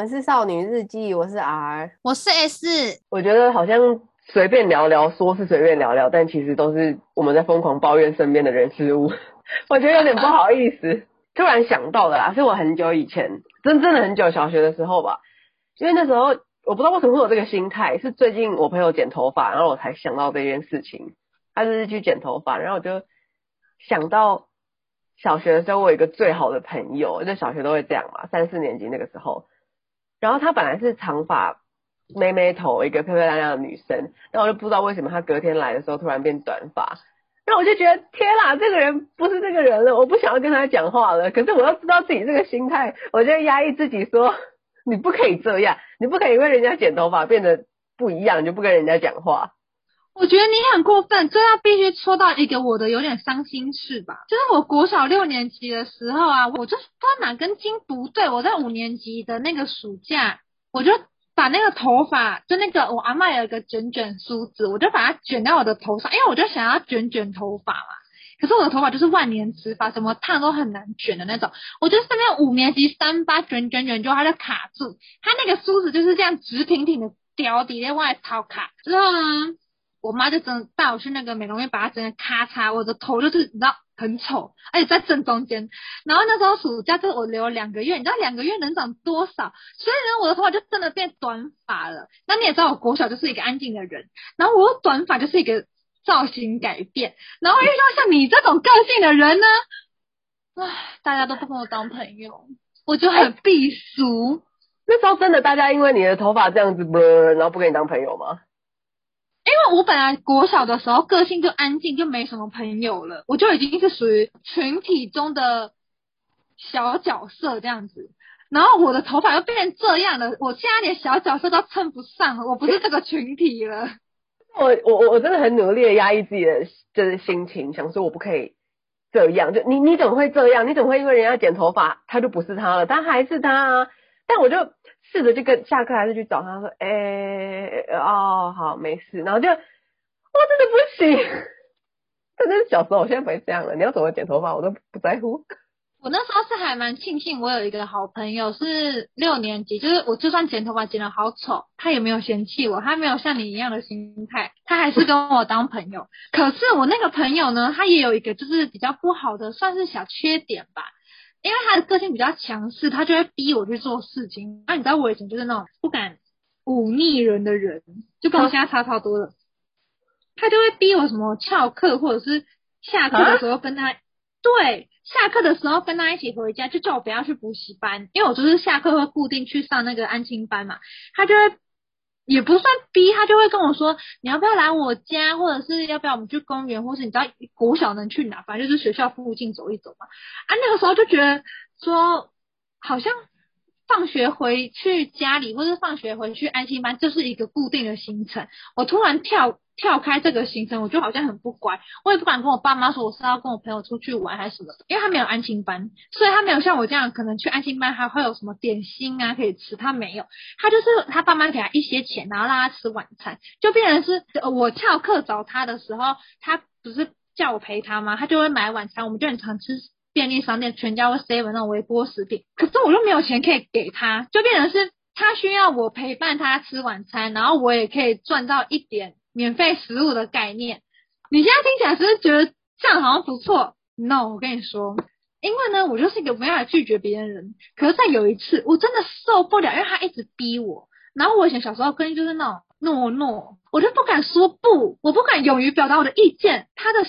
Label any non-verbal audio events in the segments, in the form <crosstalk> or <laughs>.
我們是少女日記，我是 R，我是 S。 我覺得好像隨便聊聊，說是隨便聊聊，但其實都是我們在瘋狂抱怨身邊的人事物。 <laughs> 我覺得有點不好意思， <laughs> 突然想到的啦，是我很久以前，真正的很久，小學的時候吧。因為那時候我不知道為什麼會有這個心態，是最近我朋友剪頭髮，然後我才想到這件事情。他就是去剪頭髮，然後我就想到小學的時候，我有一個最好的朋友，就小學都會這樣嘛，三四年級那個時候。然後她本來是長髮、妹妹頭，一個漂漂亮亮的女生。然後我就不知道為什麼她隔天來的時候突然變短髮。那我就覺得天哪，這個人不是這個人了，我不想要跟她講話了。可是我要知道自己這個心態，我就壓抑自己說，你不可以這樣，你不可以為人家剪頭髮變得不一樣，你就不跟人家講話。我覺得你很過分，這要必須戳到一個我的有點傷心事吧？就是我國小六年級的時候啊，我就不知道哪根筋不對。我在五年級的那個暑假，我就把那個頭髮，就那個我阿嬤有一個捲捲梳子，我就把它捲在我的頭上，因為我就想要捲捲頭髮嘛。可是我的頭髮就是萬年直髮，什麼燙都很難捲的那種。我就是那五年級三八捲捲捲，捲就，就它就卡住，它那個梳子就是這樣直挺挺的掉底下，外套卡，之後呢？我媽就真的帶我去那個美容院，把它整個咔嚓，我的頭就是你知道很醜，而且在正中間。然後那時候暑假就我留了兩個月，你知道兩個月能長多少？所以呢，我的頭髮就真的變短髮了。那你也知道，我國小就是一個安靜的人，然後我的短髮就是一個造型改變。然後遇到像你這種個性的人呢，唉，大家都不跟我當朋友，我就很閉俗。那時候真的大家因為你的頭髮這樣子，然後不跟你當朋友嗎？因為我本來國小的時候個性就安靜，就沒什麼朋友了，我就已經是屬於群體中的小角色這樣子。然後我的頭髮又變成這樣了，我現在連小角色都稱不上了，我不是這個群體了。我我我真的很努力的壓抑自己的就是心情，想說我不可以這樣。就你你怎麼會這樣？你怎麼會因為人家剪頭髮他就不是他了？他還是他啊。但我就試着就跟下課還是去找他，說，哎、欸，哦，好，沒事，然後就，哇，真的不行。真的是小時候，我現在不會這樣了。你要怎麼剪頭髮，我都不在乎。我那時候是還蠻慶幸，我有一個好朋友是六年級，就是我就算剪頭髮剪得好醜，他也沒有嫌棄我，他沒有像你一樣的心態，他還是跟我當朋友。 <laughs> 可是我那個朋友呢，他也有一個就是比較不好的，算是小缺點吧。因為他的個性比較強勢，他就會逼我去做事情。那、啊、你知道我以前就是那種不敢忤逆人的人，就跟我現在差不多了。他就會逼我什麼翹課，或者是下課的時候跟他，啊、對，下課的時候跟他一起回家，就叫我不要去補習班，因為我就是下課會固定去上那個安心班嘛。他就會。也不算逼，他就會跟我說，你要不要來我家，或者是要不要我們去公園，或是你知道國小能去哪，反正就是學校附近走一走嘛。啊，那個時候就覺得說好像。放學回去家裡，或是放學回去安心班，就是一個固定的行程。我突然跳跳開這個行程，我就好像很不乖，我也不敢跟我爸媽說我是要跟我朋友出去玩還是什麼，因為他沒有安心班，所以他沒有像我這樣可能去安心班，還會有什麼點心啊可以吃，他沒有，他就是他爸媽給他一些錢，然後讓他吃晚餐，就變成是我翹課找他的時候，他不是叫我陪他嗎？他就會買晚餐，我們就很常吃。便利商店、全家或 Seven 那種微波食品，可是我又沒有錢可以給他，就變成是他需要我陪伴他吃晚餐，然後我也可以賺到一點免費食物的概念。你現在聽起來是不是覺得這樣好像不錯？No，我跟你說，因為呢，我就是一個不要拒絕別人的人。可是，在有一次，我真的受不了，因為他一直逼我，然後我以前小時候個性就是那種。諾諾，no, no, 我都不敢說不，我不敢勇於表達我的意見。他的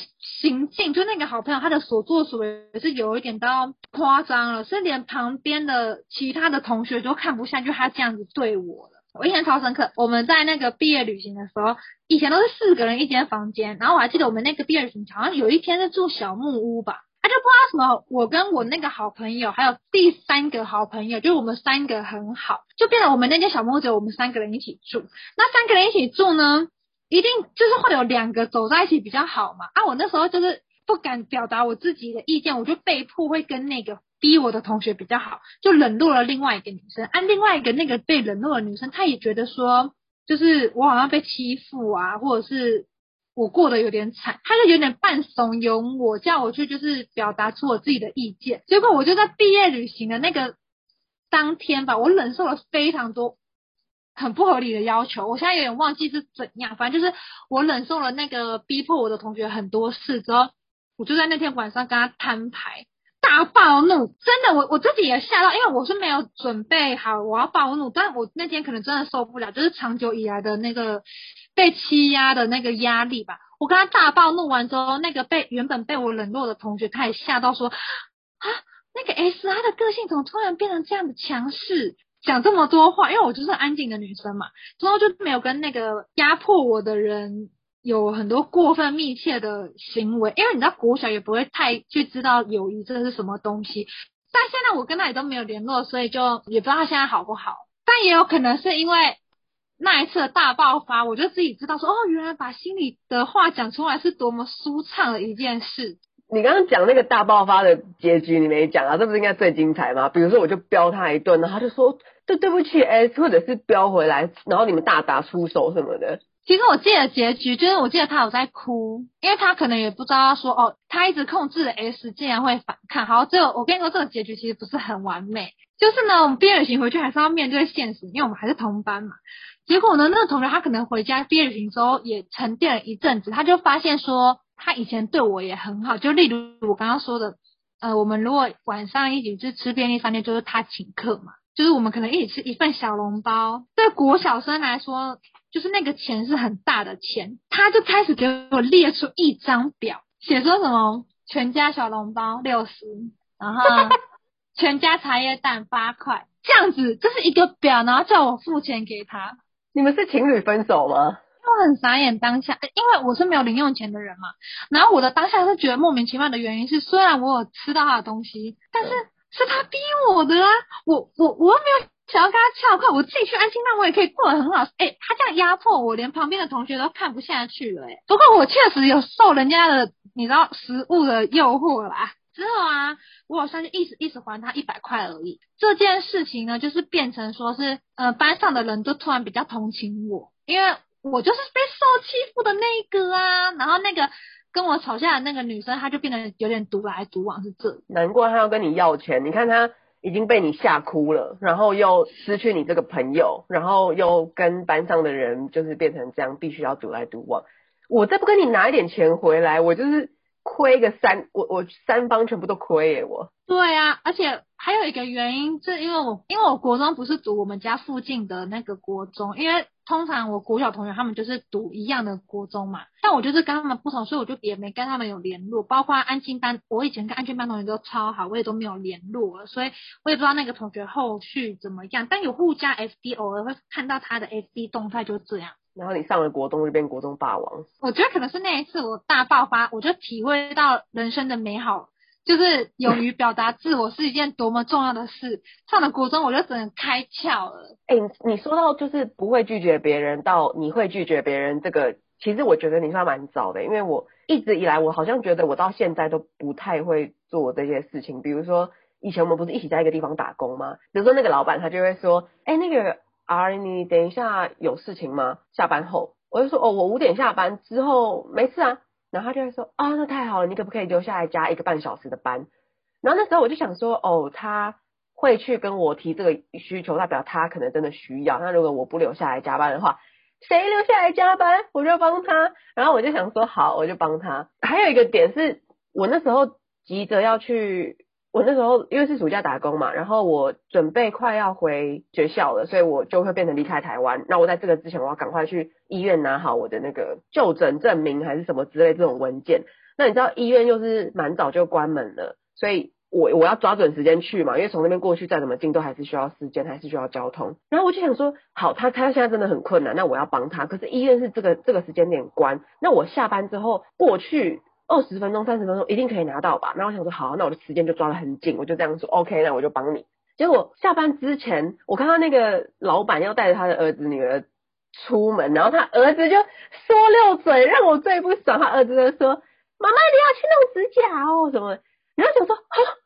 行徑，就那個好朋友，他的所作所為也是有一點到誇張了，是連旁邊的其他的同學都看不下去他這樣子對我了。我印象超深刻，我們在那個畢業旅行的時候，以前都是四個人一間房間，然後我還記得我們那個畢業旅行好像有一天是住小木屋吧。就不知道什麼，我跟我那個好朋友，還有第三個好朋友，就是我們三個很好，就變成我們那間小房子，我們三個人一起住。那三個人一起住呢，一定就是會有兩個走在一起比較好嘛。啊，我那時候就是不敢表達我自己的意見，我就被迫會跟那個逼我的同學比較好，就冷落了另外一個女生。啊，另外一個那個被冷落的女生，她也覺得說，就是我好像被欺負啊，或者是。我過得有點慘，他就有點半慫恿我叫我去，就是表達出我自己的意見。結果我就在畢業旅行的那個當天吧，我忍受了非常多很不合理的要求。我現在有點忘記是怎樣，反正就是我忍受了那個逼迫我的同學很多事之後，我就在那天晚上跟他攤牌，大暴怒。真的，我我自己也嚇到，因為我是沒有準備好我要暴怒，但我那天可能真的受不了，就是長久以來的那個。被欺壓的那個壓力吧，我跟他大爆怒完，之後，那個被原本被我冷落的同學，他也嚇到說啊，那個 S 他的個性怎麼突然變成這樣的強勢，講這麼多話，因為我就是安靜的女生嘛，之後就沒有跟那個壓迫我的人有很多過分密切的行為，因為你知道國小也不會太去知道友誼這是什麼東西，但現在我跟他也都沒有聯絡，所以就也不知道他現在好不好，但也有可能是因為。那一次的大爆發，我就自己知道說哦，原來把心裡的話講出來是多麼舒暢的一件事。你剛剛講那個大爆發的結局，你沒講啊？這不是應該最精彩嗎？比如說，我就飆他一頓，然後他就說對對不起 s 或者是飆回來，然後你們大打出手什麼的。其實我記得結局就是，我記得他有在哭，因為他可能也不知道說哦，他一直控制的 S，竟然會反抗。好，這個我跟你說，這個結局其實不是很完美。就是呢，我們畢業旅行回去還是要面對現實，因為我們還是同班嘛。結果呢？那個同學他可能回家畢業旅行之後也沉澱了一陣子，他就發現說他以前對我也很好，就例如我剛剛說的，呃，我們如果晚上一起去吃便利商店，就是他請客嘛，就是我們可能一起吃一份小籠包，對國小生來說，就是那個錢是很大的錢，他就開始給我列出一張表，寫說什麼全家小籠包六十，然後全家茶葉蛋八塊，這樣子這是一個表，然後叫我付錢給他。你們是情侶分手嗎？我很傻眼，當下、欸，因為我是沒有零用錢的人嘛，然後我的當下是覺得莫名其妙的原因是，雖然我有吃到他的東西，但是是他逼我的啊，我我我又沒有想要跟他撬開，我自己去安心，那我也可以過得很好。哎、欸，他這樣壓迫我，我連旁邊的同學都看不下去了、欸。哎，不過我確實有受人家的，你知道食物的誘惑啦。之後啊，我好像就一直一直還他一百塊而已。這件事情呢，就是變成說是，呃，班上的人都突然比較同情我，因為我就是被受欺負的那一個啊。然後那個跟我吵架的那個女生，她就變得有點獨來獨往，是這。難怪她要跟你要錢，你看她已經被你嚇哭了，然後又失去你這個朋友，然後又跟班上的人就是變成這樣，必須要獨來獨往。我再不跟你拿一點錢回來，我就是。虧個三，我我三方全部都虧耶、欸！我，對啊，而且還有一個原因，是因為我因為我國中不是讀我們家附近的那個國中，因為通常我國小同學他們就是讀一樣的國中嘛，但我就是跟他們不同，所以我就也沒跟他們有聯絡。包括安親班，我以前跟安親班同學都超好，我也都沒有聯絡了，所以我也不知道那個同學後續怎麼樣。但有互加 F D 偶爾會看到他的 F D 動態，就這樣。然後你上了國中就變國中霸王，我覺得可能是那一次我大爆發，我就體會到人生的美好，就是勇於表達自我是一件多麼重要的事。上了國中我就只能開竅了。哎、欸，你說到就是不會拒絕別人到你會拒絕別人這個，其實我覺得你算蠻早的，因為我一直以來我好像覺得我到現在都不太會做這些事情。比如說以前我們不是一起在一個地方打工嗎？比如說那個老闆他就會說，哎、欸、那個。啊，你等一下有事情嗎？下班後，我就說哦，我五點下班之後沒事啊。然後他就說啊，哦，那太好了，你可不可以留下來加一個半小時的班？然後那時候我就想說哦，他會去跟我提這個需求，代表他可能真的需要。那如果我不留下來加班的話，誰留下來加班？我就幫他。然後我就想說好，我就幫他。還有一個點是我那時候急着要去。我那時候因為是暑假打工嘛，然後我準備快要回學校了，所以我就會變成離開台灣。那我在這個之前，我要趕快去醫院拿好我的那個就診證明還是什麼之類這種文件。那你知道醫院又是蠻早就關門了，所以我我要抓準時間去嘛，因為從那邊過去再怎麼近都還是需要時間，還是需要交通。然後我就想說，好，他他現在真的很困難，那我要幫他。可是醫院是這個這個時間點關，那我下班之後過去，二十分鐘、三十分鐘一定可以拿到吧？然後我想說好，那我的時間就抓得很緊，我就這樣說，OK，那我就幫你。結果下班之前，我看到那個老闆要帶着他的兒子、女兒出門，然後他兒子就說溜嘴，讓我最不爽。他兒子就說：“媽媽，你要去弄指甲哦什麼的。”然後想說好。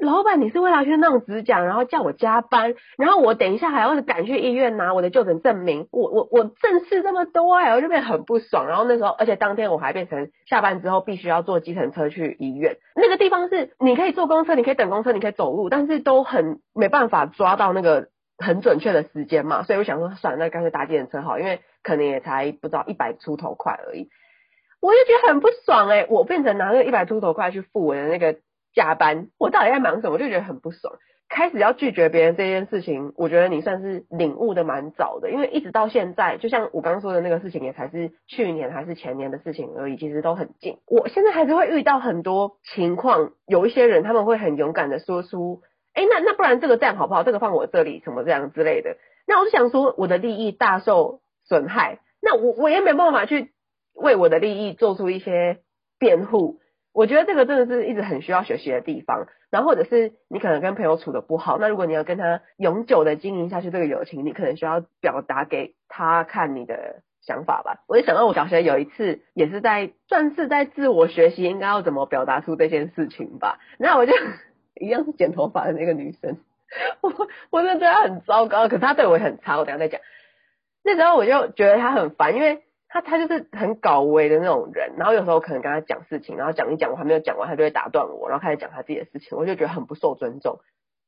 老闆，你是為了去弄指甲，然後叫我加班，然後我等一下還要趕去醫院拿我的就診證明，我我我正事這麼多哎、欸，我就變得很不爽。然後那時候，而且當天我還變成下班之後必須要坐計程車去醫院，那個地方是你可以坐公車，你可以等公車，你可以走路，但是都很沒辦法抓到那個很準確的時間嘛，所以我想說，算了，那乾脆搭計程車好，因為可能也才不到一百出頭塊而已，我就覺得很不爽誒、欸，我變成拿那個一百出頭塊去付我的那個。加班，我到底在忙什麼，我就覺得很不爽。開始要拒絕別人這件事情，我覺得你算是領悟的蠻早的，因為一直到現在，就像我剛剛說的那個事情，也才是去年還是前年的事情而已，其實都很近。我現在還是會遇到很多情況，有一些人他們會很勇敢的說出，哎、欸，那那不然這個這樣好不好？這個放我這裡什麼這樣之類的。那我就想說，我的利益大受損害，那我我也沒辦法去為我的利益做出一些辯護。我覺得這個真的是一直很需要學習的地方，然後或者是你可能跟朋友處得不好，那如果你要跟他永久的經營下去這個友情，你可能需要表達給他看你的想法吧。我就想到我小學有一次也是在算是在自我學習應該要怎麼表達出這件事情吧。那我就一樣是剪頭髮的那個女生，我我真的對她很糟糕，可是她對我也很差，我等下再講。那時候我就覺得她很煩，因為。他他就是很搞威的那種人，然後有時候可能跟他講事情，然後講一講我還沒有講完，他就會打斷我，然後開始講他自己的事情，我就覺得很不受尊重，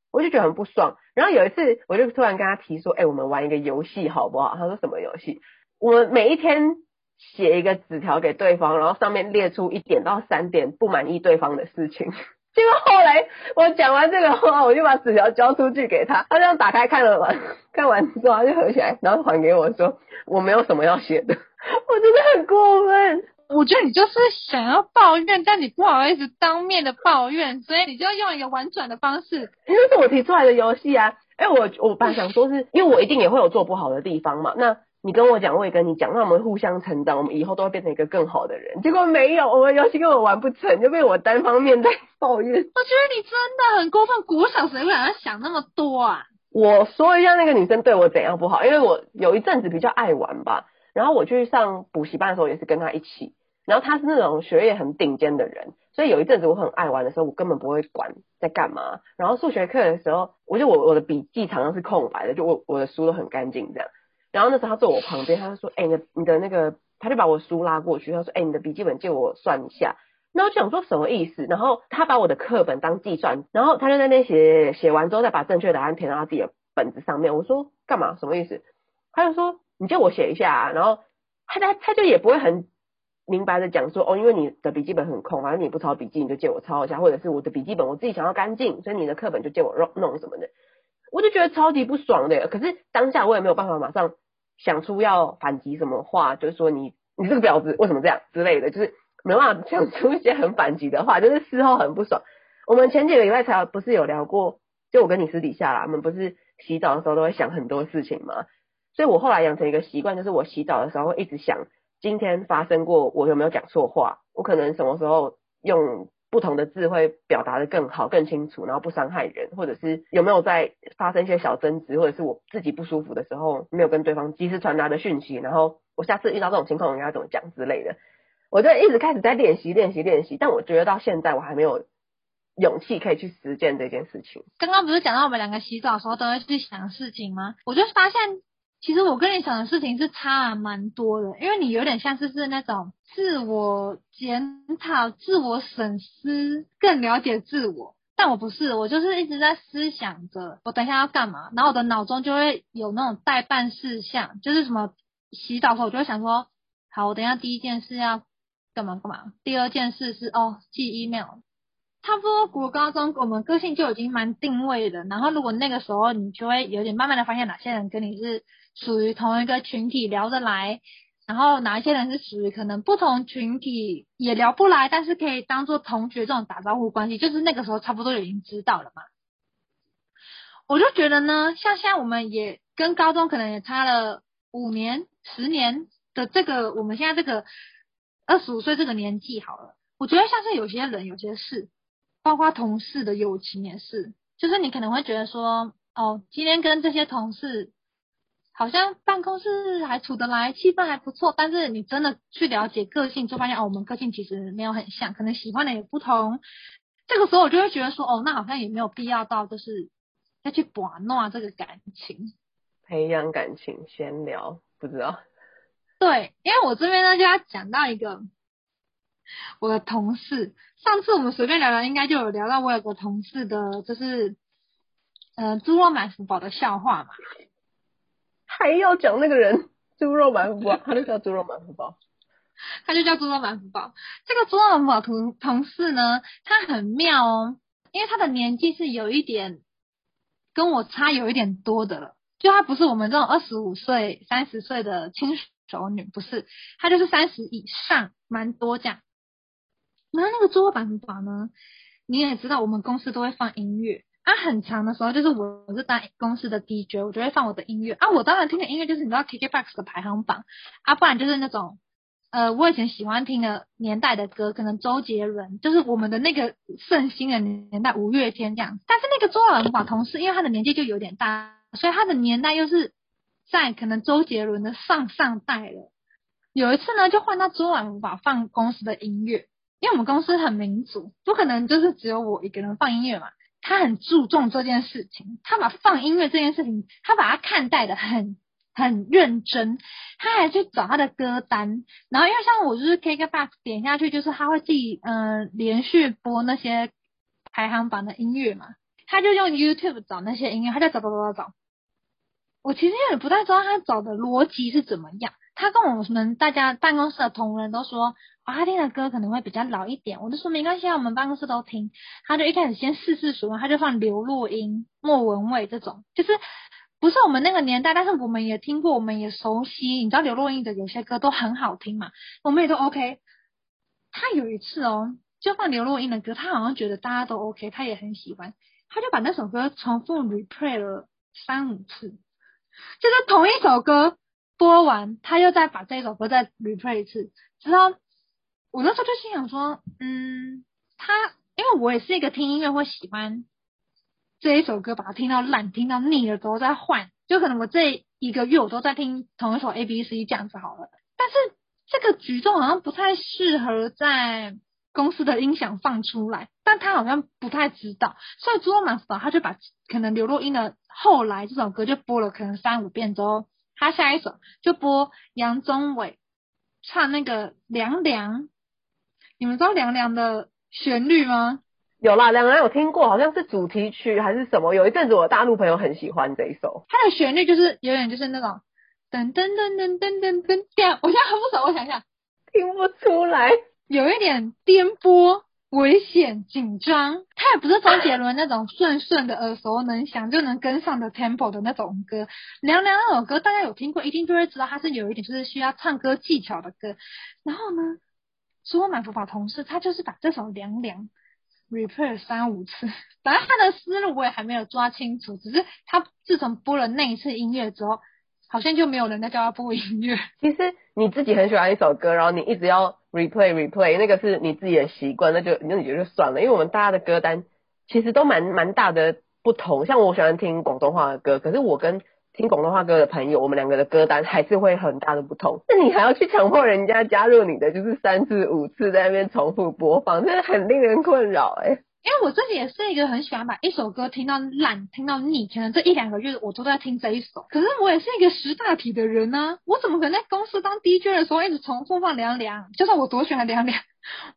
我就覺得很不爽。然後有一次，我就突然跟他提說：“哎、欸，我們玩一個遊戲好不好？”他說：“什麼遊戲？”我每一天寫一個紙條給對方，然後上面列出一點到三點不滿意對方的事情。結果後來我講完這個話，我就把紙條交出去給他，他這樣打開看了完，看完之後他就合起來，然後還給我說：“我沒有什麼要寫的。”我真的很過分，我覺得你就是想要抱怨，但你不好意思當面的抱怨，所以你就要用一個婉轉的方式。那是我提出來的遊戲啊，哎，我我爸想說是因為我一定也會有做不好的地方嘛，那你跟我講，我也跟你講，那我們互相成長，我們以後都會變成一個更好的人。結果沒有，我們遊戲根本玩不成就被我單方面在抱怨。我覺得你真的很過分，鼓小誰會想要想那麼多啊！我說一下那個女生對我怎樣不好，因為我有一陣子比較愛玩吧。然後我去上補習班的時候也是跟他一起，然後他是那種學業很頂尖的人，所以有一陣子我很愛玩的時候，我根本不會管在幹嘛。然後數學課的時候，我就我我的筆記常常是空白的，就我我的書都很乾淨這樣。然後那時候他坐我旁邊，他就說：“欸，你的你的那個”，他就把我書拉過去，他說：“欸，你的筆記本借我算一下。”那我想說什麼意思？然後他把我的課本當計算，然後他就在那寫寫完之後再把正確答案填到他自己的本子上面。我說：“幹嘛？什麼意思？”他就說。你借我寫一下啊，然後他他他就也不會很明白的講說哦，因為你的筆記本很空，反正你不抄筆記，你就借我抄一下，或者是我的筆記本我自己想要乾淨，所以你的課本就借我弄弄什麼的，我就覺得超級不爽的。可是當下我也沒有辦法馬上想出要反擊什麼話，就是說你你這個婊子為什麼這樣之類的，就是沒辦法想出一些很反擊的話，就是事後很不爽。我們前幾個禮拜才不是有聊過，就我跟你私底下啦，我們不是洗澡的時候都會想很多事情嘛。所以，我後來養成一個習慣，就是我洗澡的時候會一直想，今天發生過我有沒有講錯話？我可能什麼時候用不同的字會表達得更好、更清楚，然後不傷害人，或者是有沒有在發生一些小爭執，或者是我自己不舒服的時候沒有跟對方及時傳達的訊息，然後我下次遇到這種情況我應該怎麼講之類的，我就一直開始在練習、練習、練習。但我覺得到現在我還沒有勇氣可以去實踐這件事情。剛剛不是講到我們兩個洗澡的時候都會去想事情嗎？我就發現。其實我跟你想的事情是差蠻多的，因為你有點像是是那種自我檢討、自我審思、更了解自我，但我不是，我就是一直在思想着，我等一下要幹嘛，然後我的腦中就會有那種待辦事項，就是什麼洗澡後我就會想說，好，我等一下第一件事要幹嘛幹嘛，第二件事是哦，寄 email。差不多，國高中我們個性就已經蠻定位的，然後如果那個時候你就會有點慢慢的發現哪些人跟你是。屬於同一個群體，聊得來，然後哪一些人是屬於可能不同群體也聊不來，但是可以當做同學這種打招呼關係，就是那個時候差不多已經知道了嘛。我就覺得呢，像現在我們也跟高中可能也差了五年、十年的這個，我們現在這個二十五歲這個年紀好了，我覺得像是有些人、有些事，包括同事的友情也是，就是你可能會覺得說，哦，今天跟這些同事。好像辦公室還處得來，氣氛還不錯，但是你真的去了解個性，就發現哦，我們個性其實沒有很像，可能喜歡的也不同。這個時候我就會覺得說，哦，那好像也沒有必要到就是要去把弄這個感情，培養感情先，閒聊不知道。對，因為我這邊呢就要講到一個我的同事，上次我們隨便聊聊，應該就有聊到我有個同事的，就是嗯、呃，豬肉買福寶的笑話嘛。還要講那個人豬肉滿福包，他就叫豬肉滿福包。他就叫豬肉滿福包。 <laughs> 這個豬肉滿福包同同事呢，他很妙哦，因為他的年紀是有一點跟我差有一點多的了，就他不是我們這種二十五歲、三十歲的輕熟女，不是，他就是三十以上，蠻多這樣。那那個豬肉滿福包呢？你也知道，我們公司都會放音樂。啊，很長的時候就是我我是當公司的 DJ，我就會放我的音樂啊。我當然聽的音樂就是你知道 KKBOX 的排行榜啊，不然就是那種呃我以前喜歡聽的年代的歌，可能周杰倫就是我們的那個盛行的年代，五月天這樣。但是那個周老板同事因為他的年紀就有點大，所以他的年代又是在可能周杰倫的上上代了。有一次呢，就換到周老闆放公司的音樂，因為我們公司很民主，不可能就是只有我一個人放音樂嘛。他很注重這件事情，他把放音樂這件事情，他把它看待的很很認真，他還去找他的歌單，然後因為像我就是 KKBOX 點下去，就是他會自己嗯、呃、連續播那些排行榜的音樂嘛，他就用 YouTube 找那些音樂，他就找找找找找，我其實也不太知道他找的邏輯是怎麼樣，他跟我們大家辦公室的同仁都說。哦，他聽的歌可能會比較老一點，我就說沒關係，我們辦公室都聽。他就一開始先試試水，他就放劉若英、莫文蔚這種，就是不是我們那個年代，但是我們也聽過，我們也熟悉。你知道劉若英的有些歌都很好聽嘛，我們也都 OK。他有一次哦，就放劉若英的歌，他好像覺得大家都 OK，他也很喜歡，他就把那首歌重複 replay 了三五次，就是同一首歌播完，他又再把這首歌再 replay 一次，知道。我那時候就心想說，嗯，他因為我也是一個聽音樂會喜歡這一首歌，把它聽到爛、聽到膩了之後再換。就可能我這一個月我都在聽同一首 A、B、C 這樣子好了。但是這個舉動好像不太適合在公司的音響放出來，但他好像不太知道，所以朱斯堡，他就把可能劉若英的後來這首歌就播了可能三五遍之後，他下一首就播楊宗緯唱那個涼涼。你們知道涼涼的旋律嗎？有啦，涼涼有聽過，好像是主題曲還是什麼。有一陣子我的大陸朋友很喜歡這一首，它的旋律就是有點就是那種噔噔噔噔噔噔噔、噔、噔、噔我現在很不爽，我想一下，聽不出來。有一點顛簸、危險、緊張。它也不是周杰倫那種順順的耳熟、啊、能詳就能跟上的 tempo 的那種歌。涼涼那首歌大家有聽過，一定就會知道它是有一點就是需要唱歌技巧的歌。然後呢，說我滿不把同事，他就是把這首涼涼 replay 三五次，反正他的思路我也還沒有抓清楚，只是他自從播了那一次音樂之後，好像就沒有人再叫他播音樂。其實你自己很喜歡一首歌，然後你一直要 replay replay，那個是你自己的習慣，那就那也就，就算了，因為我們大家的歌單其實都蠻蠻大的不同，像我喜歡聽廣東話的歌，可是我跟聽廣東話歌的朋友，我們兩個的歌單還是會很大的不同。那你還要去強迫人家加入你的，就是三次、五次在那邊重複播放，真的很令人困擾哎、欸。因為我自己也是一個很喜歡把一首歌聽到爛、聽到膩、膩，可能這一兩個月我都、都在聽這一首。可是我也是一個識大體的人呢、啊，我怎麼可能在公司當 DJ 的時候一直重複放涼涼？就算我多喜歡涼涼，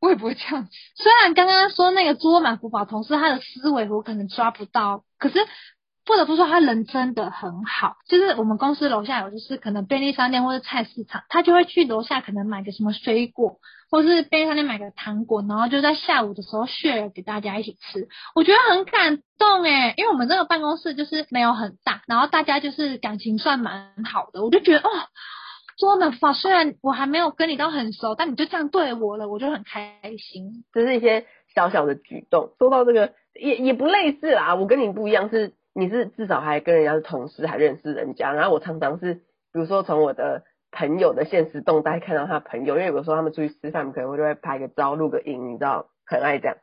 我也不會這樣子。雖然剛剛說那個桌滿福寶同事他的思維我可能抓不到，可是。不得不說，他人真的很好。就是我們公司樓下有，就是可能便利商店或是菜市場，他就會去樓下可能買個什麼水果，或是便利商店買個糖果，然後就在下午的時候 share 給大家一起吃。我覺得很感動誒，因為我們這個辦公室就是沒有很大，然後大家就是感情算蠻好的。我就覺得哦，多的發，雖然我還沒有跟你都很熟，但你就這樣對我了，我就很開心。這是一些小小的舉動。說到這個，也也不類似啦，我跟你不一樣是。你是至少還跟人家是同事，還認識人家。然後我常常是，比如說從我的朋友的現實動態看到他朋友，因為有時候他們出去吃飯，可能就會拍個照、錄個影，你知道，很愛這樣。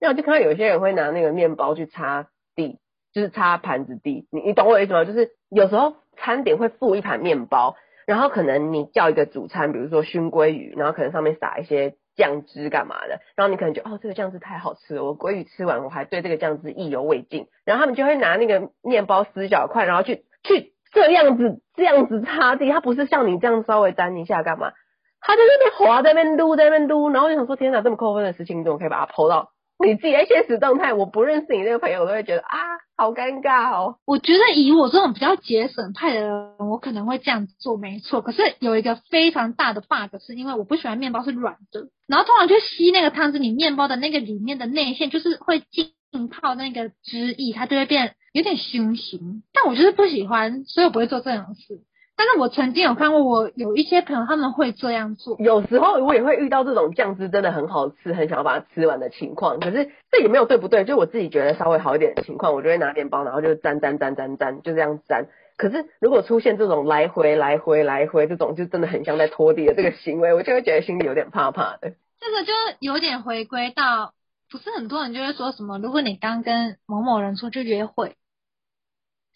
那我就看到有些人會拿那個麵包去擦地，就是擦盤子地。你你懂我的意思嗎？就是有時候餐點會附一盤麵包，然後可能你叫一個主餐，比如說燻鮭魚，然後可能上面撒一些醬汁幹嘛的？然後你可能就哦，這個醬汁太好吃了，我鮭魚吃完我還對這個醬汁意猶未盡。然後他們就會拿那個麵包撕小塊，然後去去這樣子這樣子擦地，他不是像你這樣稍微沾一下幹嘛，他在那邊滑，在那邊擼，在那邊擼。然後我想說，天哪，這麼扣分的事情你怎麼可以把它拋到？你自己在現實動態，我不認識你那個朋友，我都會覺得啊，好尷尬哦。我覺得以我這種比較節省派的人，我可能會這樣做沒錯。可是有一個非常大的 bug，是因為我不喜歡麵包是軟的，然後通常就吸那個湯汁裡，你麵包的那個裡面的內餡就是會浸泡那個汁液，它就會變有點鬆松。但我就是不喜歡，所以我不會做這種事。但是我曾經有看過，我有一些朋友他們會這樣做。有時候我也會遇到這種醬汁真的很好吃，很想要把它吃完的情況。可是這也沒有對不對？就我自己覺得稍微好一點的情況，我就會拿麵包，然後就沾沾沾沾沾沾，就這樣沾。可是如果出現這種來回來回來回這種，就真的很像在拖地的這個行為，我就會覺得心裡有點怕怕的。這個就有點回歸到，不是很多人就會說什麼，如果你剛跟某某人出去約會。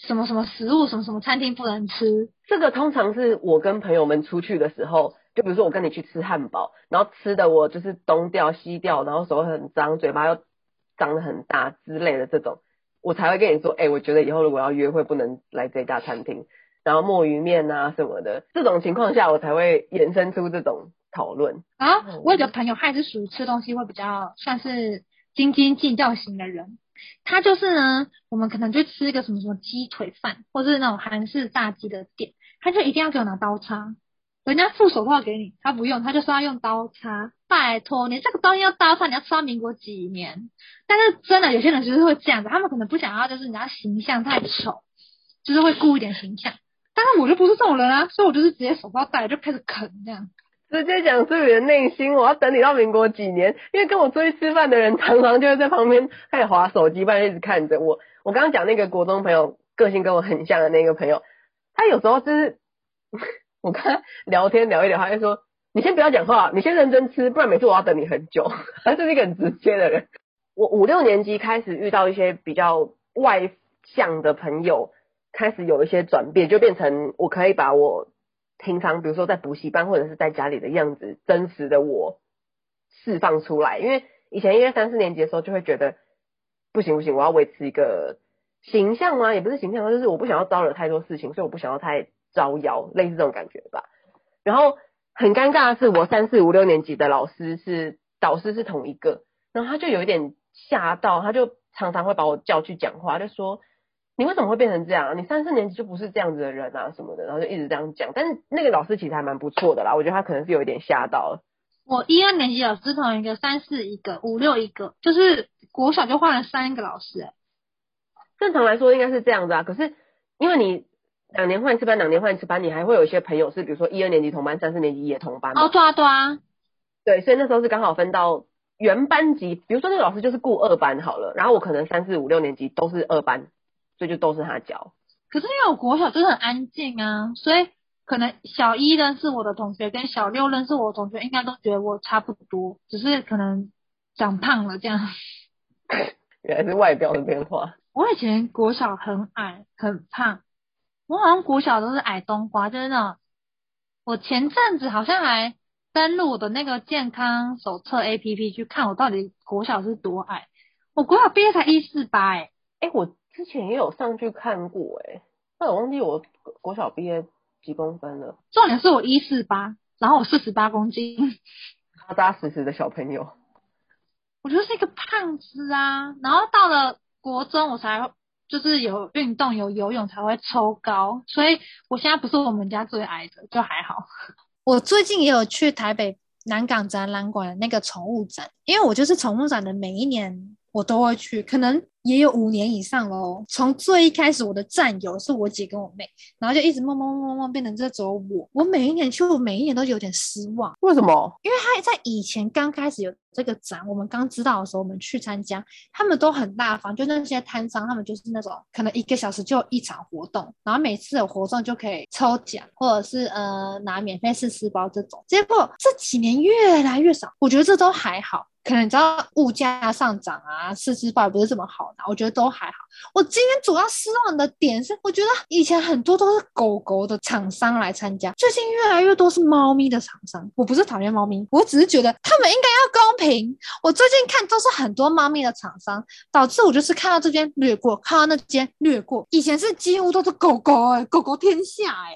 什麼什麼食物什麼什麼餐廳不能吃？這個通常是我跟朋友們出去的時候，就比如說我跟你去吃漢堡，然後吃的我就是東掉西掉，然後手很髒，嘴巴又張得很大之類的這種，我才會跟你說，哎，我覺得以後如果要約會不能來這家餐廳，然後墨魚麵啊什麼的，這種情況下我才會延伸出這種討論。啊，我有個朋友還是屬於吃東西會比較算是斤斤計較型的人。他就是呢，我們可能就吃一個什麼什麼雞腿飯，或者是那種韓式炸雞的店，他就一定要給我拿刀叉，人家付手套給你，他不用，他就說要用刀叉，拜托，你這個東西要刀叉，你要吃到民國幾年？但是真的有些人就是會這樣子，他們可能不想要就是人家形象太醜，就是會顧一點形象，但是我就不是這種人啊，所以我就是直接手套戴了就開始啃這樣。直接講自己你的內心，我要等你到民國幾年？因為跟我出去吃飯的人，常常就是在旁邊開始劃手機，不然一直看着我。我剛剛講那個國中朋友，個性跟我很像的那個朋友，他有時候、就是，我跟他聊天聊一聊，他就說，你先不要講話，你先認真吃，不然每次我要等你很久。他是一個很直接的人。我五六年級開始遇到一些比較外向的朋友，開始有一些轉變，就變成我可以把我。平常比如說在補習班或者是在家裡的樣子，真實的我釋放出來。因為以前因為三四年級的時候就會覺得不行不行，我要維持一個形象嗎、啊？也不是形象，啊，就是我不想要招惹太多事情，所以我不想要太招搖，類似這種感覺吧。然後很尷尬的是，我三四五六年級的老師是導師是同一個，然後他就有一點嚇到，他就常常會把我叫去講話，就說。你為什麼會變成這樣啊？你三四年級就不是這樣子的人啊，什麼的，然後就一直這樣講。但是那個老師其實還蠻不錯的啦，我覺得他可能是有一點嚇到了。我一二年級老師同一個，三四一個，五六一個，就是國小就換了三個老師。誒，正常來說應該是這樣子啊，可是因為你兩年換一次班，兩年換一次班，你還會有一些朋友是，比如說一二年級同班，三四年級也同班。哦，對啊，對啊。對，所以那時候是剛好分到原班級，比如說那個老師就是顧二班好了，然後我可能三四五六年級都是二班。所以就都是他教，可是因為我國小就是很安靜啊，所以可能小一認識我的同學跟小六認識我的同學，應該都覺得我差不多，只是可能長胖了這樣。原來是外表的變化。我以前國小很矮很胖，我好像國小都是矮冬瓜，真的，就是那種。我前陣子好像還登錄我的那個健康手冊 APP 去看我到底國小是多矮，我國小畢業才一四八，哎哎我，之前也有上去看過哎、欸，但我忘記我國小畢業幾公分了。重點是我一四八，然後我四十八公斤，踏踏實實的小朋友。我就是一個胖子啊，然後到了國中我才就是有運動有游泳才會抽高，所以我現在不是我們家最矮的，就還好。我最近也有去台北南港展覽館那個寵物展，因為我就是寵物展的每一年我都會去，可能也有五年以上哦。從最一開始，我的戰友是我姐跟我妹，然後就一直慢慢慢慢慢變成這種我。我每一年去，我每一年都有點失望。為什麼？因為他在以前剛開始有這個展，我們剛知道的時候，我們去參加，他們都很大方，就那些攤商，他們就是那種可能一個小時就有一場活動，然後每次有活動就可以抽獎，或者是呃拿免費試吃包這種。結果這幾年越來越少，我覺得這都還好。可能你知道物價上漲啊，吃吃飯不是這麼好啊，我覺得都還好。我今天主要失望的點是，我覺得以前很多都是狗狗的廠商來參加，最近越來越多是貓咪的廠商。我不是討厭貓咪，我只是覺得他們應該要公平。我最近看都是很多貓咪的廠商，導致我就是看到這邊略過，看到那邊略過。以前是幾乎都是狗狗欸，狗狗天下欸，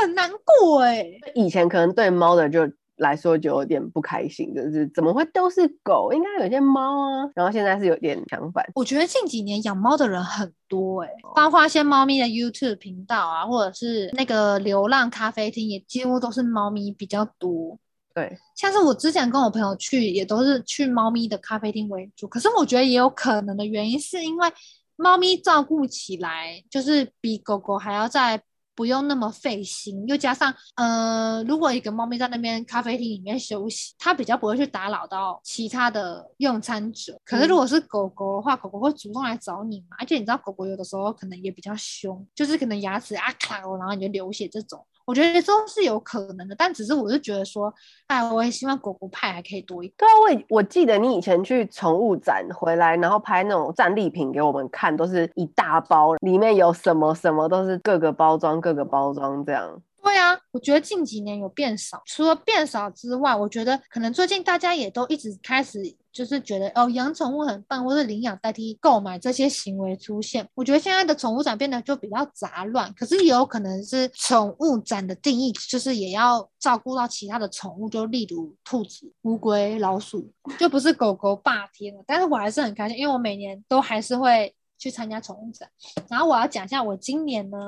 很難過欸。以前可能對貓的就。來說就有點不開心，就是怎麼會都是狗？應該有些貓啊。然後現在是有點相反。我覺得近幾年養貓的人很多哎、欸，包括一些貓咪的 YouTube 頻道啊，或者是那個流浪咖啡廳，也幾乎都是貓咪比較多。對，像是我之前跟我朋友去，也都是去貓咪的咖啡廳為主。可是我覺得也有可能的原因，是因為貓咪照顧起來就是比狗狗還要再。不用那麼費心，又加上，呃，如果一個貓咪在那邊咖啡廳裡面休息，它比較不會去打擾到其他的用餐者。可是如果是狗狗的話，嗯、狗狗會主動來找你嘛，而且你知道，狗狗有的時候可能也比較兇，就是可能牙齒啊卡哦，然後你就流血這種。我覺得都是有可能的，但只是我是覺得說，哎，我也希望果果派還可以多一點。對啊，我我記得你以前去寵物展回來，然後拍那種戰利品給我們看，都是一大包，裡面有什麼什麼都是各個包裝，各個包裝這樣。對啊，我覺得近幾年有變少，除了變少之外，我覺得可能最近大家也都一直開始。就是覺得哦，養寵物很棒，或是領養代替購買這些行為出現。我覺得現在的寵物展變得就比較雜亂，可是也有可能是寵物展的定義就是也要照顧到其他的寵物，就例如兔子、烏龜、老鼠，就不是狗狗霸天了。但是我還是很開心，因為我每年都還是會去參加寵物展。然後我要講一下我今年呢。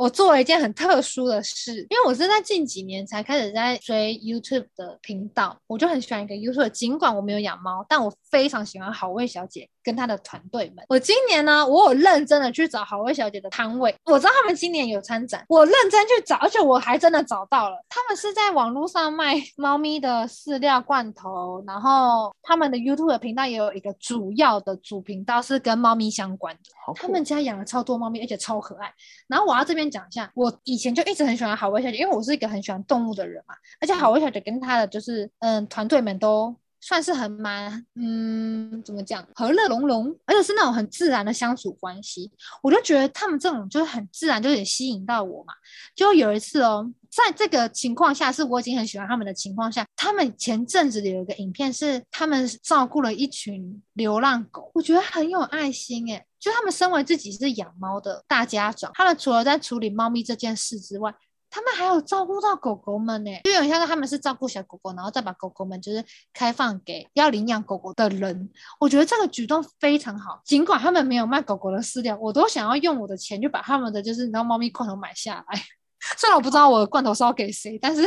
我做了一件很特殊的事，因為我是在近幾年才開始在追 YouTube 的頻道，我就很喜歡一個 YouTuber，儘管我沒有養貓，但我非常喜歡好味小姐。跟他的團隊們，我今年呢，我有認真的去找好味小姐的攤位，我知道他們今年有參展，我認真去找，而且我還真的找到了，他們是在網絡上賣貓咪的飼料罐頭，然後他們的 YouTube 頻道也有一個主要的主頻道是跟貓咪相關的，好酷。他們家養了超多貓咪，而且超可愛。然後我要這邊講一下，我以前就一直很喜歡好味小姐，因為我是一個很喜歡動物的人嘛，而且好味小姐跟他的就是嗯團隊們都。算是很蠻，嗯，怎麼講，和樂融融，而且是那種很自然的相處關係，我就覺得他們這種就是很自然，就也吸引到我嘛。就有一次哦，在這個情況下，是我已經很喜歡他們的情況下，他們前陣子裡有一個影片是他們照顧了一群流浪狗，我覺得很有愛心誒，就他們身為自己是養貓的大家長，他們除了在處理貓咪這件事之外，他們還有照顧到狗狗們呢，有點像他們是照顧小狗狗，然後再把狗狗們就是開放給要領養狗狗的人。我覺得這個舉動非常好，盡管他們沒有賣狗狗的飼料，我都想要用我的錢就把他們的就是你知道貓咪罐頭買下來。 <laughs> 雖然我不知道我的罐頭是要給誰，但是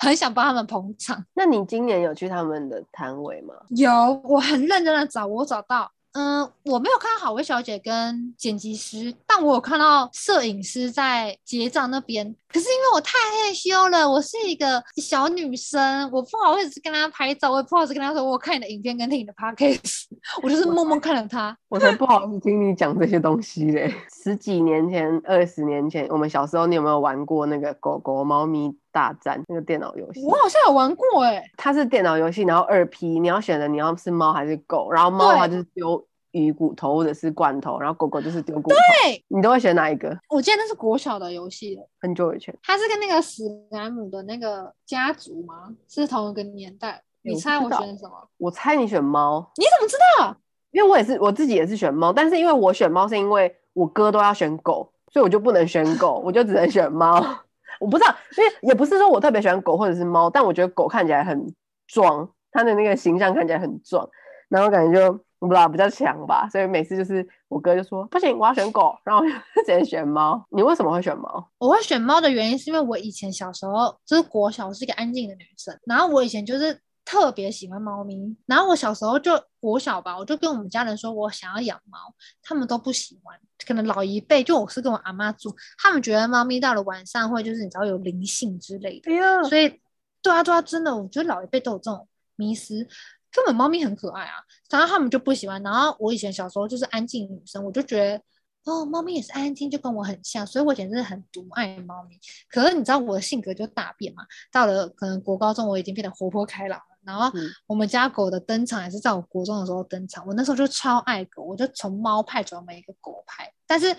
很想幫他們捧場。那你今年有去他們的攤位嗎？有，我很認真的找，我找到，嗯，我沒有看到好味小姐跟剪輯師，但我有看到攝影師在結賬那邊。可是因為我太害羞了，我是一個小女生，我不好意思跟她拍照，我也不好意思跟她說我看你的影片跟聽你的 Podcast，我就是默默看了她。我才，我才不好意思聽你講這些東西嘞、欸。 <laughs> 十幾年前、二十年前，我們小時候你有沒有玩過那個狗狗貓咪大戰那個電腦遊戲？我好像有玩過誒、欸。它是電腦遊戲，然後二 P，你要選擇你要是貓還是狗，然後貓它就是丟。魚骨頭或者是罐頭，然後狗狗就是丟骨頭。對，你都會選哪一個？我記得那是國小的遊戲，很久以前。它是跟那個史萊姆的那個家族嗎？是同一個年代？欸，你猜我選什麼？我猜你選貓。你怎麼知道？因為我也是我自己也是選貓，但是因為我選貓是因為我哥都要選狗，所以我就不能選狗，我就只能選貓。 <laughs> 我不知道，因為也不是說我特別喜歡狗或者是貓，但我覺得狗看起來很壯，它的那個形象看起來很壯，然後感覺就。不啦，比較強吧，所以每次就是我哥就說不行，我要選狗，然後我只能選貓。你為什麼會選貓？我會選貓的原因是因為我以前小時候就是國小，我是一個安靜的女生，然後我以前就是特別喜歡貓咪。然後我小時候就國小吧，我就跟我們家人說我想要養貓，他們都不喜歡。可能老一輩就，我是跟我阿嬤住，他們覺得貓咪到了晚上會就是你知道有靈性之類的，所以對啊對啊，真的我覺得老一輩都有這種迷思。根本貓咪很可愛啊，然後他們就不喜歡。然後我以前小時候就是安靜女生，我就覺得哦，貓咪也是安靜，就跟我很像，所以我簡直是很獨愛貓咪。可是你知道我的性格就大變嘛？到了可能國高中，我已經變得活潑開朗了。然後我們家狗的登場還是在我國中的時候登場，嗯、我那時候就超愛狗，我就從貓派轉為一個狗派。但是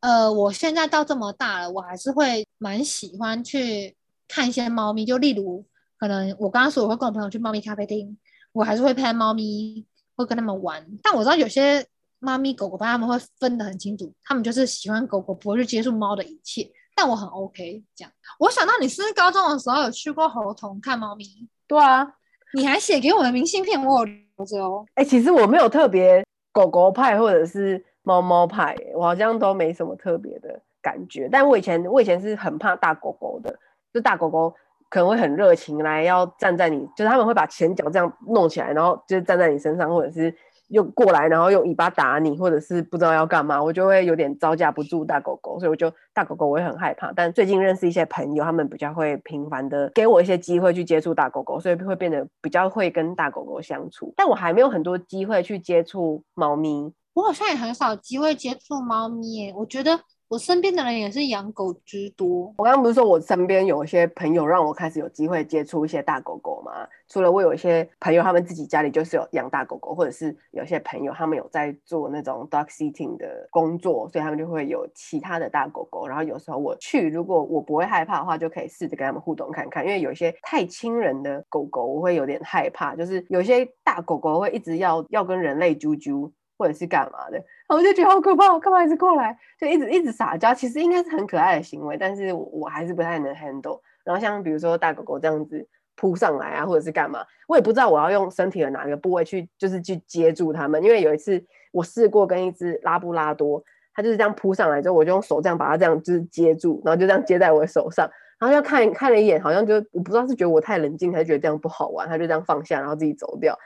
呃，我現在到這麼大了，我還是會蠻喜歡去看一些貓咪，就例如可能我剛剛說我會跟我朋友去貓咪咖啡廳。我還是會拍貓咪，會跟他們玩。但我知道有些貓咪、狗狗派他們會分得很清楚，他們就是喜歡狗狗，不會去接觸貓的一切。但我很 OK 這樣。我想到你是不是高中的時候有去過猴硐看貓咪？對啊，你還寫給我的明信片，我有留着哦、欸。其實我沒有特別狗狗派或者是貓貓派、欸，我好像都沒什麼特別的感覺。但我以前我以前是很怕大狗狗的，就大狗狗。可能會很熱情來，要站在你，就是他們會把前腳這樣弄起來，然後就是站在你身上，或者是又過來，然後用尾巴打你，或者是不知道要幹嘛，我就會有點招架不住大狗狗，所以我就大狗狗我也很害怕。但最近認識一些朋友，他們比較會頻繁的給我一些機會去接觸大狗狗，所以會變得比較會跟大狗狗相處。但我還沒有很多機會去接觸貓咪，我好像也很少機會接觸貓咪。我覺得。我身邊的人也是養狗之多。我剛剛不是說我身邊有一些朋友讓我開始有機會接觸一些大狗狗嘛。除了我有一些朋友，他們自己家裡就是有養大狗狗，或者是有些朋友他們有在做那種 dog sitting 的工作，所以他們就會有其他的大狗狗。然後有時候我去，如果我不會害怕的話，就可以試着跟他們互動看看。因為有一些太親人的狗狗，我會有點害怕。就是有些大狗狗會一直要要跟人類啾啾。或者是幹嘛的，然後我就覺得好可怕，幹嘛一直過來，就一直一直撒嬌。其實應該是很可愛的行為，但是我，我還是不太能 handle。然後像比如說大狗狗這樣子撲上來啊，或者是幹嘛，我也不知道我要用身體的哪一個部位去，就是去接住它們。因為有一次我試過跟一隻拉布拉多，它就是這樣撲上來之後，我就用手這樣把它這樣就是接住，然後就這樣接在我的手上，然後就看看了一眼，好像就我不知道是覺得我太冷靜，還是覺得這樣不好玩，它就這樣放下，然後自己走掉。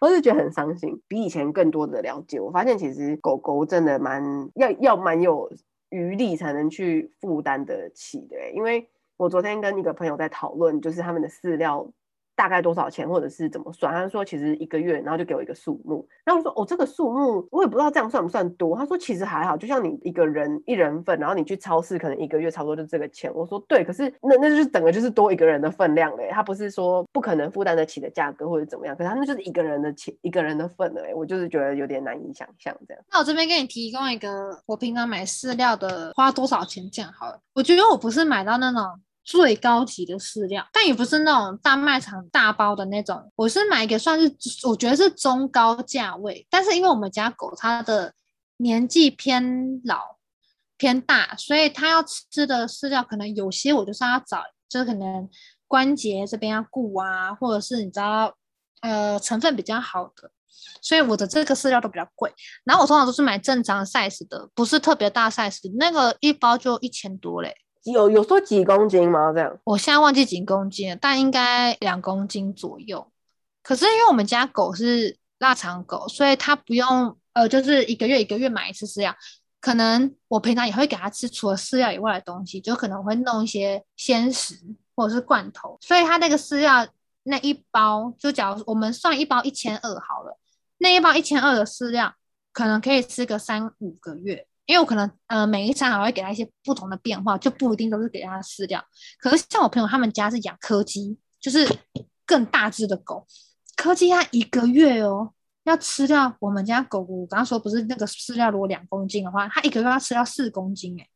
我就覺得很傷心，比以前更多的了解，我發現其實狗狗真的蠻要要蠻有餘力才能去負擔得起的。對，因為我昨天跟一個朋友在討論，就是他們的飼料。大概多少錢，或者是怎麼算？他說其實一個月，然後就給我一個數目。然後我說哦，這個數目我也不知道這樣算不算多。他說其實還好，就像你一個人一人份，然後你去超市可能一個月差不多就這個錢。我說對，可是那那就是整個就是多一個人的份量耶。他不是說不可能負擔得起的價格或者怎麼樣，可是他那就是一個人的錢，一個人的份。誒，我就是覺得有點難以想象這樣。那我這邊給你提供一個，我平常買飼料的花多少錢這樣好了。我覺得我不是買到那種。最高級的飼料，但也不是那種大賣場大包的那種。我是買一個算是，我覺得是中高價位。但是因為我們家狗它的年紀偏老，偏大，所以它要吃的飼料可能有些我就算要找，就是可能關節這邊要顧啊，或者是你知道，呃，成分比較好的，所以我的這個飼料都比較貴。然後我通常都是買正常 size 的，不是特別大 size，那個一包就一千多嘞、欸。有有說幾公斤嗎？這樣？我現在忘記幾公斤了，但應該兩公斤左右。可是因為我們家狗是臘腸狗，所以它不用呃，就是一個月一個月買一次飼料。可能我平常也會給它吃除了飼料以外的東西，就可能會弄一些鮮食或者是罐頭。所以它那個飼料那一包，就假如我們算一包一千二好了，那一包一千二的飼料可能可以吃個三五個月。因為我可能呃每一餐還會給他一些不同的變化，就不一定都是給他飼料。可是像我朋友他們家是養柯基，就是更大只的狗，柯基它一個月哦要吃掉我們家狗狗，我剛剛說不是那個飼料，如果兩公斤的話，它一個月要吃掉四公斤，欸，誒。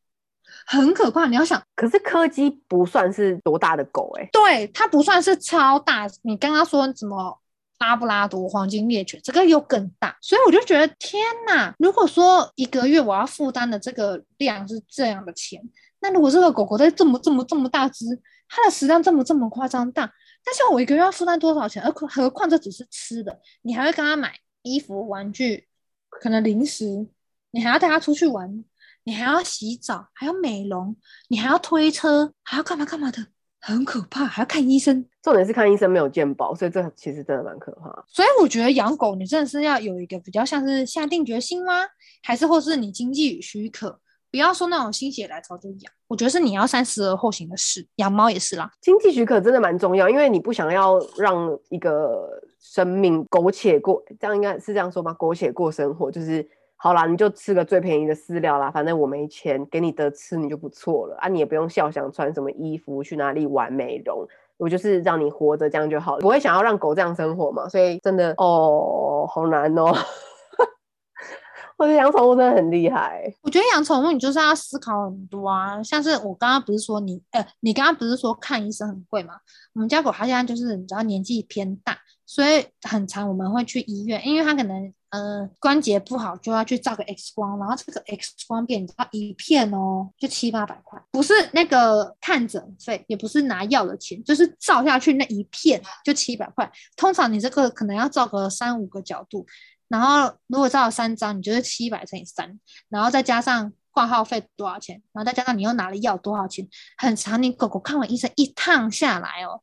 很可怕。你要想，可是柯基不算是多大的狗，欸，誒，對，它不算是超大。你剛剛說什麼？拉布拉多黃金獵犬，這個又更大，所以我就覺得天哪！如果說一個月我要負擔的這個量是這樣的錢，那如果這個狗狗再這麼這麼這麼大隻，它的食量這麼這麼誇張大，那像我一個月要負擔多少錢？何何況這只是吃的，你還會跟他買衣服、玩具，可能零食，你還要帶他出去玩，你還要洗澡，還要美容，你還要推車，還要幹嘛幹嘛的。很可怕，還要看醫生。重點是看醫生沒有健保，所以這其實真的蠻可怕的。所以我覺得養狗，你真的是要有一個比較像是下定決心嗎？還是或者是你經濟許可？不要說那種心血來潮就養。我覺得是你要三思而後行的事。養貓也是啦，經濟許可真的蠻重要，因為你不想要讓一個生命苟且過。這樣應該是這樣說吧？苟且過生活就是。好啦，你就吃個最便宜的飼料啦，反正我沒錢給你得，吃，你就不錯了啊！你也不用笑，想穿什麼衣服，去哪裡玩美容，我就是讓你活着，這樣就好了，不會想要讓狗這樣生活嘛？所以真的哦，好難哦。 <laughs> 我覺得養寵物真的很厲害。我覺得養寵物你就是要思考很多啊，像是我剛剛不是說你，呃，你剛剛不是說看醫生很貴嗎？我們家狗它現在就是你知道年紀偏大，所以很常我們會去醫院，因為它可能。嗯、呃，關節不好就要去照個 X 光，然後這個 X 光片它一片哦，就七八百塊，不是那個看診費，也不是拿藥的錢，就是照下去那一片就七百塊。通常你這個可能要照個三五個角度，然後如果照了三張，你就是七百乘以三，然後再加上掛號費多少錢，然後再加上你又拿了藥多少錢，很常。你狗狗看完醫生一趟下來哦，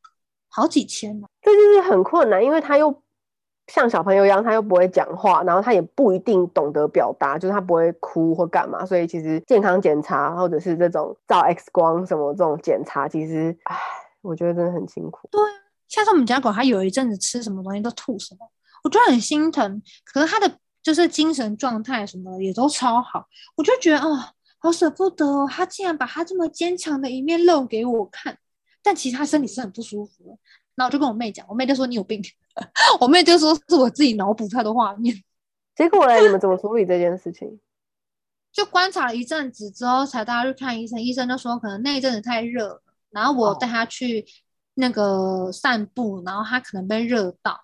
好幾千呢，啊，這就是很困難，因為它又。像小朋友一樣，他又不會講話，然後他也不一定懂得表達，就是他不會哭或幹嘛，所以其實健康檢查或者是這種照 X 光什麼這種檢查，其實唉，我覺得真的很辛苦。對，像是我們家狗，它有一陣子吃什麼東西都吐什麼，我覺得很心疼。可是它的就是精神狀態什麼也都超好，我就覺得啊，哦，好捨不得哦，它竟然把它這麼堅強的一面露給我看，但其實它身體是很不舒服的。那我就跟我妹講，我妹就說你有病， <laughs> 我妹就說是我自己腦補太多畫面。結果呢，你們怎麼處理這件事情？ <laughs> 就觀察了一陣子之後，才帶她去看醫生。醫生就說可能那一陣子太熱了，然後我帶她去那個散步，哦、然後她可能被熱到，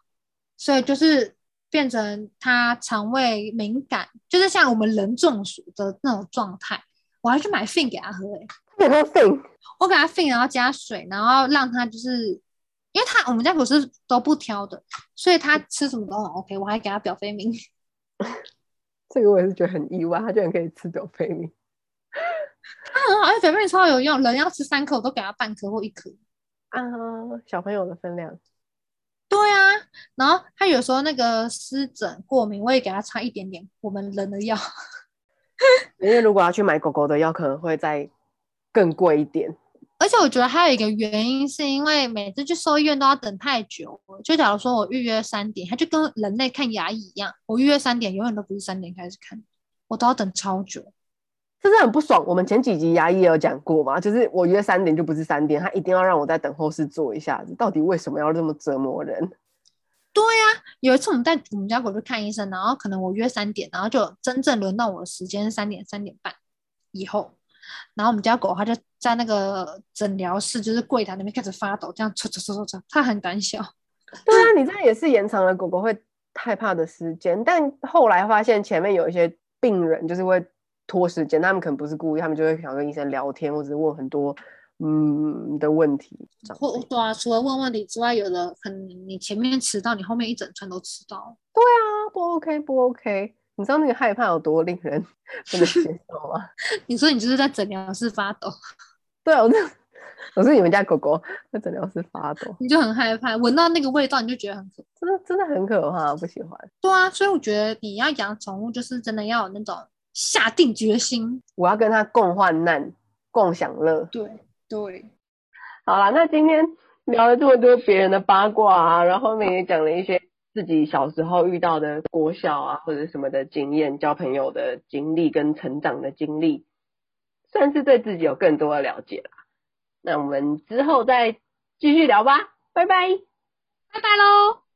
所以就是變成她腸胃敏感，就是像我們人中暑的那種狀態。我還去買 Fing 給她喝，哎，給他，欸、他沒有 Fing，我給他 Fing，然後加水，然後讓她就是。因為他，我們家狗是都不挑的，所以他吃什麼都很 OK。我還給他表飛鳴， <laughs> 這個我也是覺得很意外，他居然可以吃表飛鳴，他很好，而且表飛鳴超有用，人要吃三顆，我都給他半顆或一顆啊，小朋友的分量。對啊，然後他有時候那個濕疹過敏，我也給他擦一點點我們人的藥， <laughs> 因為如果要去買狗狗的藥，可能會再更貴一點。而且我覺得還有一個原因，是因為每次去獸醫院都要等太久。就假如說我預約三點，他就跟人類看牙醫一樣，我預約三點永遠都不是三點開始看，我都要等超久，真的很不爽。我們前幾集牙醫也有講過嘛，就是我預約三點就不是三點，他一定要讓我在等候室坐一下子。到底為什麼要這麼折磨人？對呀、啊，有一次我們帶我們家狗去看醫生，然後可能我預約三點，然後就真正輪到我的時間是三點三點半以後。然後我們家狗它就在那個診療室，就是櫃檯那邊開始發抖，這樣抽抽抽抽抽。它很膽小。對啊，你這樣也是延長了狗狗會害怕的時間。 <laughs> 但後來發現前面有一些病人就是會拖時間，他們可能不是故意，他們就會想跟醫生聊天，或者問很多嗯的問題。或對啊，除了問問題之外，有的可能你前面遲到，你後面一整串都遲到。對啊，不 OK，不 OK。你知道那個害怕有多令人不能接受嗎？ <laughs> 你說你就是在診療室發抖。對啊，我說我說你們家狗狗在診療室發抖。你就很害怕，聞到那個味道你就覺得很可。真的真的很可怕，不喜歡。對啊，所以我覺得你要養寵物，就是真的要有那種下定決心，我要跟他共患難，共享樂。對對，好了，那今天聊了這麼多別人的八卦啊， <laughs> 然後後面也講了一些。自己小時候遇到的國小啊，或者什麼的經驗、交朋友的經歷跟成長的經歷，算是對自己有更多的了解啦。那我們之後再繼續聊吧，拜拜，拜拜嘍。